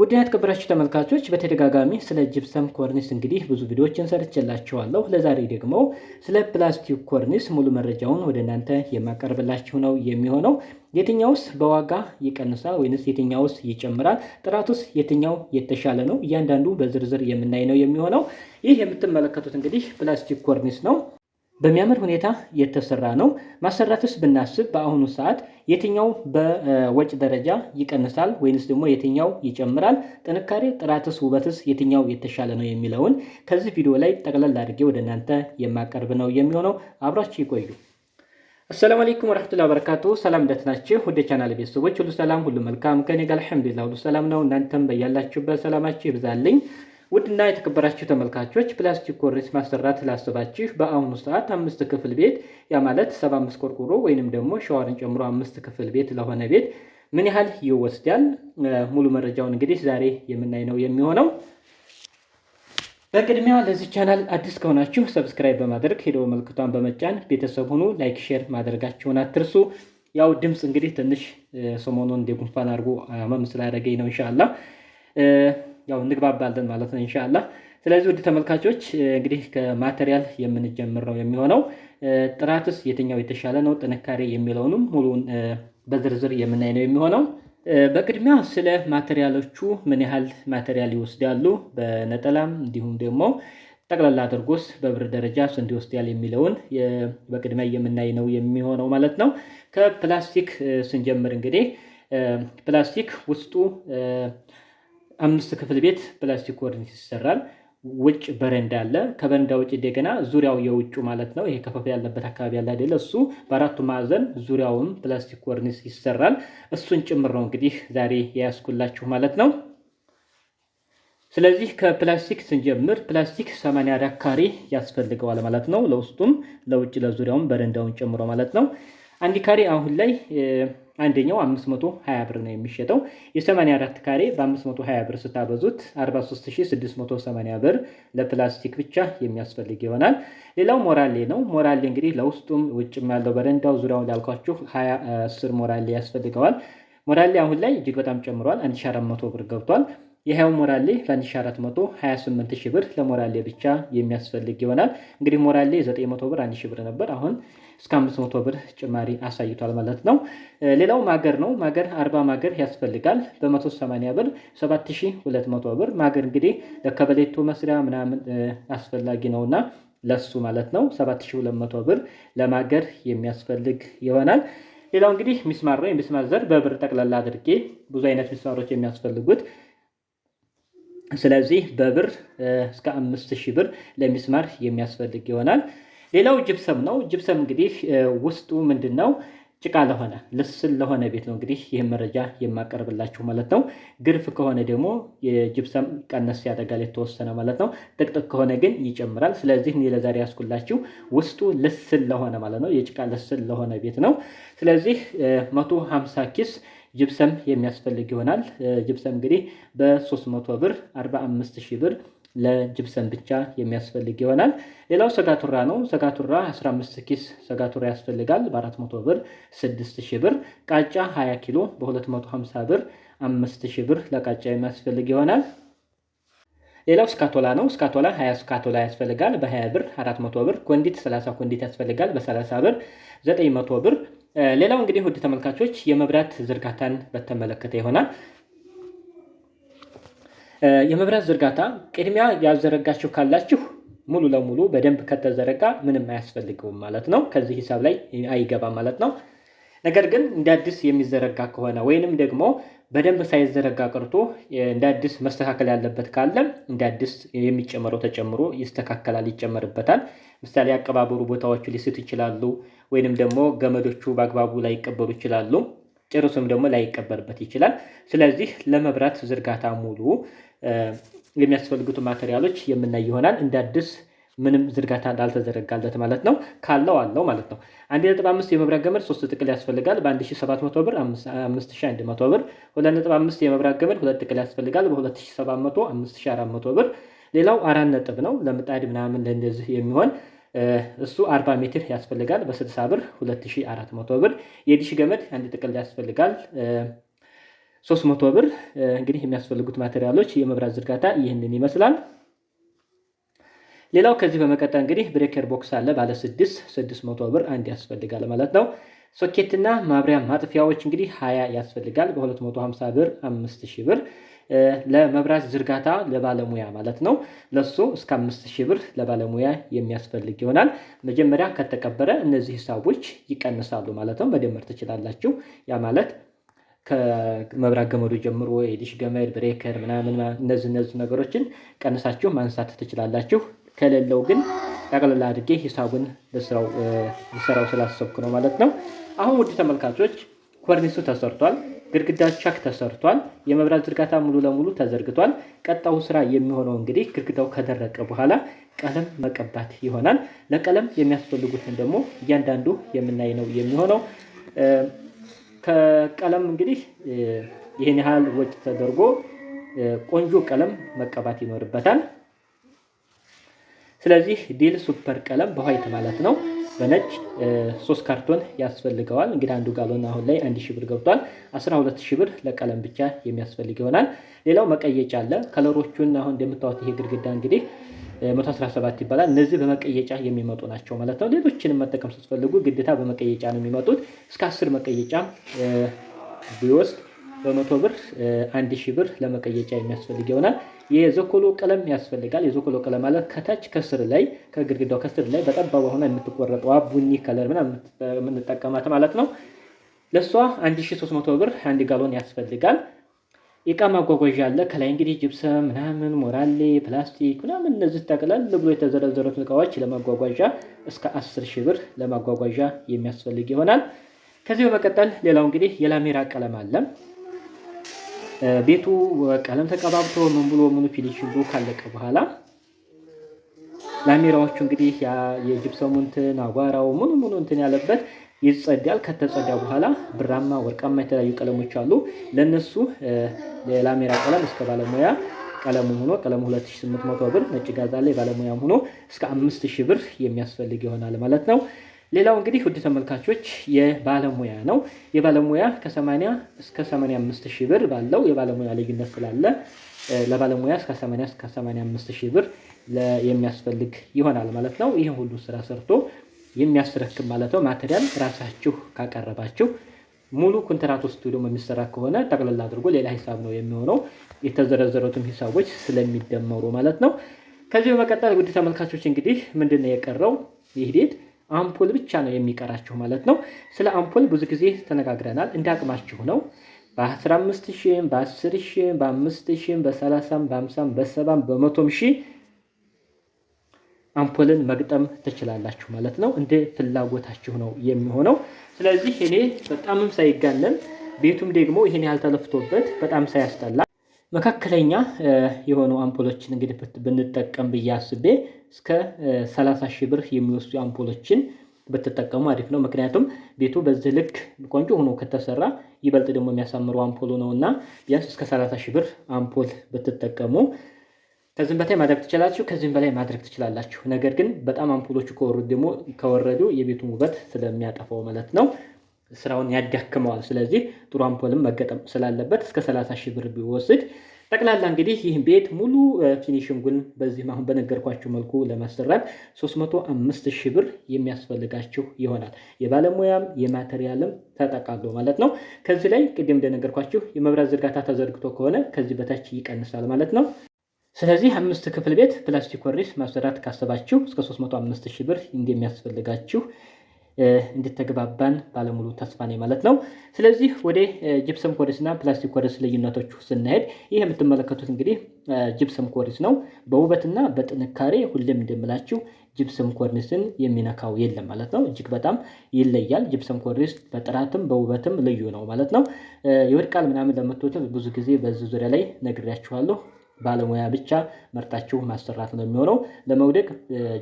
ውድና የተከበራችሁ ተመልካቾች በተደጋጋሚ ስለ ጅብሰም ኮርኒስ እንግዲህ ብዙ ቪዲዮዎችን ሰርቼላችኋለሁ። ለዛሬ ደግሞ ስለ ፕላስቲክ ኮርኒስ ሙሉ መረጃውን ወደ እናንተ የማቀርብላችሁ ነው የሚሆነው። የትኛውስ በዋጋ ይቀንሳል ወይንስ የትኛውስ ይጨምራል? ጥራቱስ የትኛው የተሻለ ነው? እያንዳንዱ በዝርዝር የምናይ ነው የሚሆነው። ይህ የምትመለከቱት እንግዲህ ፕላስቲክ ኮርኒስ ነው። በሚያምር ሁኔታ የተሰራ ነው። ማሰራትስ ብናስብ በአሁኑ ሰዓት የትኛው በወጭ ደረጃ ይቀንሳል ወይንስ ደግሞ የትኛው ይጨምራል? ጥንካሬ፣ ጥራትስ፣ ውበትስ የትኛው የተሻለ ነው የሚለውን ከዚህ ቪዲዮ ላይ ጠቅለል አድርጌ ወደ እናንተ የማቀርብ ነው የሚሆነው። አብራችሁ ይቆዩ። አሰላሙ አለይኩም ወረሕመቱላሂ ወበረካቱ። ሰላም ደህና ናችሁ? ወደ ቻናል ቤተሰቦች ሁሉ ሰላም፣ ሁሉ መልካም ከኔ ጋር አልሐምዱሊላህ፣ ሁሉ ሰላም ነው። እናንተም በያላችሁበት ሰላማችሁ ይብዛልኝ። ውድና የተከበራችሁ ተመልካቾች ፕላስቲክ ኮርኒስ ማሰራት ላስባችሁ በአሁኑ ሰዓት አምስት ክፍል ቤት ያ ማለት ሰባ አምስት ቆርቆሮ ወይንም ደግሞ ሸዋርን ጨምሮ አምስት ክፍል ቤት ለሆነ ቤት ምን ያህል ይወስዳል? ሙሉ መረጃውን እንግዲህ ዛሬ የምናይ ነው የሚሆነው። በቅድሚያ ለዚህ ቻናል አዲስ ከሆናችሁ ሰብስክራይብ በማድረግ ሄደው ምልክቷን በመጫን ቤተሰብ ሁኑ። ላይክ፣ ሼር ማድረጋችሁን አትርሱ። ያው ድምፅ እንግዲህ ትንሽ ሰሞኑን እንደ ጉንፋን አድርጎ አመም ስላደረገኝ ነው። እንሻላ ያው እንግባባለን ማለት ነው ኢንሻአላህ። ስለዚህ ውድ ተመልካቾች እንግዲህ ከማቴሪያል የምንጀምር ነው የሚሆነው። ጥራትስ የትኛው የተሻለ ነው፣ ጥንካሬ የሚለውንም ሙሉን በዝርዝር የምናይ ነው የሚሆነው። በቅድሚያ ስለ ማቴሪያሎቹ ምን ያህል ማቴሪያል ይወስዳሉ፣ በነጠላም እንዲሁም ደግሞ ጠቅላላ አድርጎስ በብር ደረጃ ስንት ይወስዳል የሚለውን በቅድሚያ የምናይ ነው የሚሆነው ማለት ነው። ከፕላስቲክ ስንጀምር እንግዲህ ፕላስቲክ ውስጡ አምስት ክፍል ቤት ፕላስቲክ ኮርኒስ ይሰራል። ውጭ በረንዳ አለ። ከበረንዳ ውጭ እንደገና ዙሪያው የውጩ ማለት ነው ይሄ ከፈፍ ያለበት አካባቢ ያለ አይደለ? እሱ በአራቱ ማዕዘን ዙሪያውም ፕላስቲክ ኮርኒስ ይሰራል። እሱን ጭምር ነው እንግዲህ ዛሬ የያዝኩላችሁ ማለት ነው። ስለዚህ ከፕላስቲክ ስንጀምር ፕላስቲክ 80 አራት ካሬ ያስፈልገዋል ማለት ነው። ለውስጡም ለውጭ ለዙሪያውም በረንዳውን ጨምሮ ማለት ነው። አንድ ካሬ አሁን ላይ አንደኛው 520 ብር ነው የሚሸጠው። የ84 ካሬ በ520 ብር ስታበዙት 43680 ብር ለፕላስቲክ ብቻ የሚያስፈልግ ይሆናል። ሌላው ሞራሌ ነው። ሞራሌ እንግዲህ ለውስጡም ውጭም ያለው በረንዳው ዙሪያውን ላልኳችሁ 210 10 ሞራሌ ያስፈልገዋል። ሞራሌ አሁን ላይ እጅግ በጣም ጨምሯል። 1400 ብር ገብቷል። የሀያው ሞራሌ ለ1428 ሺህ ብር ለሞራሌ ብቻ የሚያስፈልግ ይሆናል። እንግዲህ ሞራሌ 900 ብር 1000 ብር ነበር። አሁን እስከ 500 ብር ጭማሪ አሳይቷል ማለት ነው። ሌላው ማገር ነው። ማገር 40 ማገር ያስፈልጋል። በ180 ብር 7200 ብር ማገር እንግዲህ ለከበሌቶ መስሪያ ምናምን አስፈላጊ ነውና ለሱ ማለት ነው 7200 ብር ለማገር የሚያስፈልግ ይሆናል። ሌላው እንግዲህ ሚስማር ነው። የሚስማር ዘር በብር ጠቅላላ አድርጌ ብዙ አይነት ሚስማሮች የሚያስፈልጉት ስለዚህ በብር እስከ አምስት ሺህ ብር ለሚስማር የሚያስፈልግ ይሆናል። ሌላው ጅብሰም ነው። ጅብሰም እንግዲህ ውስጡ ምንድን ነው? ጭቃ ለሆነ ልስል ለሆነ ቤት ነው እንግዲህ ይህን መረጃ የማቀርብላችሁ ማለት ነው። ግርፍ ከሆነ ደግሞ የጅብሰም ቀነስ ያደርጋል የተወሰነ ማለት ነው። ጥቅጥቅ ከሆነ ግን ይጨምራል። ስለዚህ እኔ ለዛሬ ያስኩላችሁ ውስጡ ልስል ለሆነ ማለት ነው የጭቃ ልስል ለሆነ ቤት ነው። ስለዚህ መቶ ሀምሳ ኪስ ጅብሰም የሚያስፈልግ ይሆናል። ጅብሰም እንግዲህ በ300 ብር 45 ሺህ ብር ለጅብሰም ብቻ የሚያስፈልግ ይሆናል። ሌላው ሰጋቱራ ነው። ሰጋቱራ 15 ኪስ ሰጋቱራ ያስፈልጋል። በ400 ብር 6000 ብር። ቃጫ 20 ኪሎ በ250 ብር 5000 ብር ለቃጫ የሚያስፈልግ ይሆናል። ሌላው ስካቶላ ነው። ስካቶላ 20 ስካቶላ ያስፈልጋል። በ20 ብር 400 ብር። ኮንዲት 30 ኮንዲት ያስፈልጋል። በ30 ብር 900 ብር ሌላው እንግዲህ ውድ ተመልካቾች የመብራት ዝርጋታን በተመለከተ ይሆናል። የመብራት ዝርጋታ ቅድሚያ ያዘረጋችሁ ካላችሁ ሙሉ ለሙሉ በደንብ ከተዘረጋ ምንም አያስፈልገውም ማለት ነው። ከዚህ ሂሳብ ላይ አይገባም ማለት ነው። ነገር ግን እንደ አዲስ የሚዘረጋ ከሆነ ወይንም ደግሞ በደንብ ሳይዘረጋ ቀርቶ እንደ አዲስ መስተካከል ያለበት ካለ እንደ አዲስ የሚጨመረው ተጨምሮ ይስተካከላል፣ ይጨመርበታል። ምሳሌ አቀባበሩ ቦታዎቹ ሊስት ይችላሉ፣ ወይንም ደግሞ ገመዶቹ በአግባቡ ላይቀበሉ ይችላሉ፣ ጭርስም ደግሞ ላይቀበልበት ይችላል። ስለዚህ ለመብራት ዝርጋታ ሙሉ የሚያስፈልጉት ማቴሪያሎች የምናይ ይሆናል እንደ አዲስ ምንም ዝርጋታ እንዳልተዘረጋለት ማለት ነው። ካለው አለው ማለት ነው። አንድ አምስት የመብራት ገመድ 3 ጥቅል ያስፈልጋል። በ1700 ብር 5100 ብር። 2.5 የመብራት ገመድ 2 ጥቅል ያስፈልጋል። በ2700 ብር። ሌላው አራት ነጥብ ነው። ለምጣድ ምናምን ለእንደዚህ የሚሆን እሱ 40 ሜትር ያስፈልጋል። 6 ብር 2400 ብር። የዲሽ ገመድ አንድ ጥቅል ያስፈልጋል። 300 ብር። እንግዲህ የሚያስፈልጉት ማቴሪያሎች የመብራት ዝርጋታ ይህንን ይመስላል። ሌላው ከዚህ በመቀጠል እንግዲህ ብሬከር ቦክስ አለ ባለ 6 ስድስት ብር አንድ ያስፈልጋል ማለት ነው። ሶኬትና ማብሪያ ማጥፊያዎች እንግዲህ 20 ያስፈልጋል በ250 ብር አምስት ብር ለመብራት ዝርጋታ ለባለሙያ ማለት ነው። ለሱ እስከ አምስት ብር ለባለሙያ የሚያስፈልግ ይሆናል። መጀመሪያ ከተቀበረ እነዚህ ሂሳቦች ይቀንሳሉ ማለት ነው። መደመር ትችላላችሁ። ያ ማለት ከመብራት ገመዱ ጀምሮ የዲሽ ገመድ፣ ብሬከር ምናምን እነዚህ እነዚህ ነገሮችን ቀንሳችሁ ማንሳት ትችላላችሁ። ከሌለው ግን ጠቅልላ አድርጌ ሂሳቡን ልሰራው ስላሰብኩ ነው ማለት ነው። አሁን ውድ ተመልካቾች ኮርኒሱ ተሰርቷል። ግድግዳ ቻክ ተሰርቷል። የመብራት ዝርጋታ ሙሉ ለሙሉ ተዘርግቷል። ቀጣው ስራ የሚሆነው እንግዲህ ግድግዳው ከደረቀ በኋላ ቀለም መቀባት ይሆናል። ለቀለም የሚያስፈልጉትን ደግሞ እያንዳንዱ የምናይ ነው የሚሆነው። ከቀለም እንግዲህ ይህን ያህል ወጪ ተደርጎ ቆንጆ ቀለም መቀባት ይኖርበታል። ስለዚህ ዲል ሱፐር ቀለም በኋይት ማለት ነው በነጭ ሶስት ካርቶን ያስፈልገዋል። እንግዲህ አንዱ ጋሎን አሁን ላይ አንድ ሺህ ብር ገብቷል። 12 ሺህ ብር ለቀለም ብቻ የሚያስፈልግ ይሆናል። ሌላው መቀየጫ አለ። ከለሮቹን አሁን እንደምታወት ይሄ ግድግዳ እንግዲህ 117 ይባላል። እነዚህ በመቀየጫ የሚመጡ ናቸው ማለት ነው። ሌሎችንም መጠቀም ስትፈልጉ ግዴታ በመቀየጫ ነው የሚመጡት። እስከ 10 መቀየጫ ቢወስድ በመቶ ብር አንድ ሺህ ብር ለመቀየጫ የሚያስፈልግ ይሆናል። የዘኮሎ ቀለም ያስፈልጋል። የዘኮሎ ቀለም ማለት ከታች ከስር ላይ ከግድግዳው ከስር ላይ በጠባቧ ሆና የምትቆረጠዋ ቡኒ ከለር ምናምን የምንጠቀማት ማለት ነው። ለእሷ 1300 ብር አንድ ጋሎን ያስፈልጋል። የእቃ ማጓጓዣ አለ። ከላይ እንግዲህ ጅብሰም ምናምን፣ ሞራሌ፣ ፕላስቲክ ምናምን እነዚህ ጠቅላል ብሎ የተዘረዘሩት እቃዎች ለማጓጓዣ እስከ 10 ሺህ ብር ለማጓጓዣ የሚያስፈልግ ይሆናል። ከዚህ በመቀጠል ሌላው እንግዲህ የላሜራ ቀለም አለ። ቤቱ ቀለም ተቀባብቶ ምን ብሎ ምኑ ፊኒሽንጉ ካለቀ በኋላ ላሜራዎቹ እንግዲህ የጅብሰሙ እንትን አጓራው ምኑ ምኑ እንትን ያለበት ይጸዳል። ከተጸዳ በኋላ ብራማ፣ ወርቃማ የተለያዩ ቀለሞች አሉ። ለእነሱ የላሜራ ቀለም እስከ ባለሙያ ቀለሙ ሆኖ ቀለሙ 2800 ብር፣ ነጭ ጋዛ ላይ ባለሙያም ሆኖ እስከ 5000 ብር የሚያስፈልግ ይሆናል ማለት ነው። ሌላው እንግዲህ ውድ ተመልካቾች የባለሙያ ነው። የባለሙያ ከ80 እስከ 85 ሺህ ብር ባለው የባለሙያ ልዩነት ስላለ ለባለሙያ እስከ 80 እስከ 85 ሺህ ብር የሚያስፈልግ ይሆናል ማለት ነው። ይህን ሁሉ ስራ ሰርቶ የሚያስረክብ ማለት ነው። ማቴሪያል ራሳችሁ ካቀረባችሁ ሙሉ ኮንትራት ውስጥ ደግሞ የሚሰራ ከሆነ ጠቅላላ አድርጎ ሌላ ሂሳብ ነው የሚሆነው። የተዘረዘሩትም ሂሳቦች ስለሚደመሩ ማለት ነው። ከዚህ በመቀጠል ውድ ተመልካቾች እንግዲህ ምንድን ነው የቀረው ይህ አምፖል ብቻ ነው የሚቀራችሁ ማለት ነው። ስለ አምፖል ብዙ ጊዜ ተነጋግረናል። እንደ አቅማችሁ ነው። በ15 ሺህም በ10 ሺህም በ5 ሺህም በ30 በ50 በ70 በ100 ሺህ አምፖልን መግጠም ትችላላችሁ ማለት ነው። እንደ ፍላጎታችሁ ነው የሚሆነው። ስለዚህ እኔ በጣምም ሳይጋነን ቤቱም ደግሞ ይሄን ያህል ተለፍቶበት በጣም ሳያስጠላ መካከለኛ የሆኑ አምፖሎችን እንግዲህ ብንጠቀም ብዬ አስቤ እስከ 30 ሺህ ብር የሚወስዱ አምፖሎችን ብትጠቀሙ አሪፍ ነው። ምክንያቱም ቤቱ በዚህ ልክ ቆንጆ ሆኖ ከተሰራ ይበልጥ ደግሞ የሚያሳምሩ አምፖሉ ነው እና ቢያንስ እስከ 30 ሺህ ብር አምፖል ብትጠቀሙ ከዚህም በላይ ማድረግ ትችላላችሁ። ከዚህም በላይ ማድረግ ትችላላችሁ። ነገር ግን በጣም አምፖሎቹ ከወረዱ ደግሞ ከወረዱ የቤቱን ውበት ስለሚያጠፋው ማለት ነው። ስራውን ያዳክመዋል። ስለዚህ ጥሩ አምፖልም መገጠም ስላለበት እስከ 30 ሺህ ብር ቢወስድ ጠቅላላ እንግዲህ ይህ ቤት ሙሉ ፊኒሽንጉን በዚህ አሁን በነገርኳችሁ መልኩ ለማሰራት 305 ሺህ ብር የሚያስፈልጋችሁ ይሆናል። የባለሙያም የማቴሪያልም ተጠቃሎ ማለት ነው። ከዚህ ላይ ቅድም እንደነገርኳችሁ የመብራት ዝርጋታ ተዘርግቶ ከሆነ ከዚህ በታች ይቀንሳል ማለት ነው። ስለዚህ አምስት ክፍል ቤት ፕላስቲክ ኮርኒስ ማሰራት ካሰባችሁ እስከ 305 ሺህ ብር እንደሚያስፈልጋችሁ እንድተግባባን ባለሙሉ ተስፋ ነኝ ማለት ነው። ስለዚህ ወደ ጅፕሰም ኮርኒስ እና ፕላስቲክ ኮርኒስ ልዩነቶች ስናሄድ ይህ የምትመለከቱት እንግዲህ ጅፕሰም ኮርኒስ ነው። በውበትና በጥንካሬ ሁሌም እንደምላችሁ ጅፕሰም ኮርኒስን የሚነካው የለም ማለት ነው። እጅግ በጣም ይለያል። ጅፕሰም ኮርኒስ በጥራትም በውበትም ልዩ ነው ማለት ነው። የወድቃል ምናምን ለምትትም ብዙ ጊዜ በዚህ ዙሪያ ላይ ነግሬያችኋለሁ። ባለሙያ ብቻ መርጣችሁ ማሰራት ነው የሚሆነው። ለመውደቅ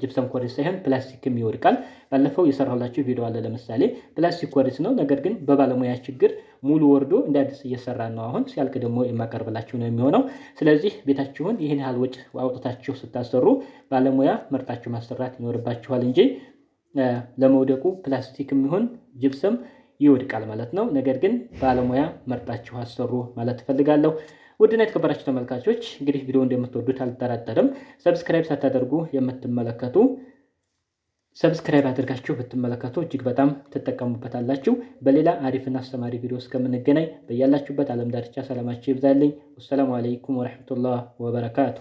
ጅፕሰም ኮሪስ ሳይሆን ፕላስቲክም ይወድቃል። ባለፈው የሰራሁላችሁ ቪዲዮ አለ። ለምሳሌ ፕላስቲክ ኮሪስ ነው፣ ነገር ግን በባለሙያ ችግር ሙሉ ወርዶ እንደ አዲስ እየሰራ ነው። አሁን ሲያልቅ ደግሞ የማቀርብላችሁ ነው የሚሆነው። ስለዚህ ቤታችሁን ይህን ያህል ወጪ አውጥታችሁ ስታሰሩ ባለሙያ መርጣችሁ ማሰራት ይኖርባችኋል እንጂ ለመውደቁ ፕላስቲክም ይሁን ጅፕሰም ይወድቃል ማለት ነው። ነገር ግን ባለሙያ መርጣችሁ አሰሩ ማለት እፈልጋለሁ። ውድና የተከበራችሁ ተመልካቾች እንግዲህ ቪዲዮ እንደምትወዱት አልጠራጠርም። ሰብስክራይብ ሳታደርጉ የምትመለከቱ ሰብስክራይብ አድርጋችሁ ብትመለከቱ እጅግ በጣም ትጠቀሙበታላችሁ። በሌላ አሪፍና አስተማሪ ቪዲዮ እስከምንገናኝ በያላችሁበት ዓለም ዳርቻ ሰላማችሁ ይብዛልኝ። ወሰላሙ አለይኩም ወረሕመቱላህ ወበረካቱ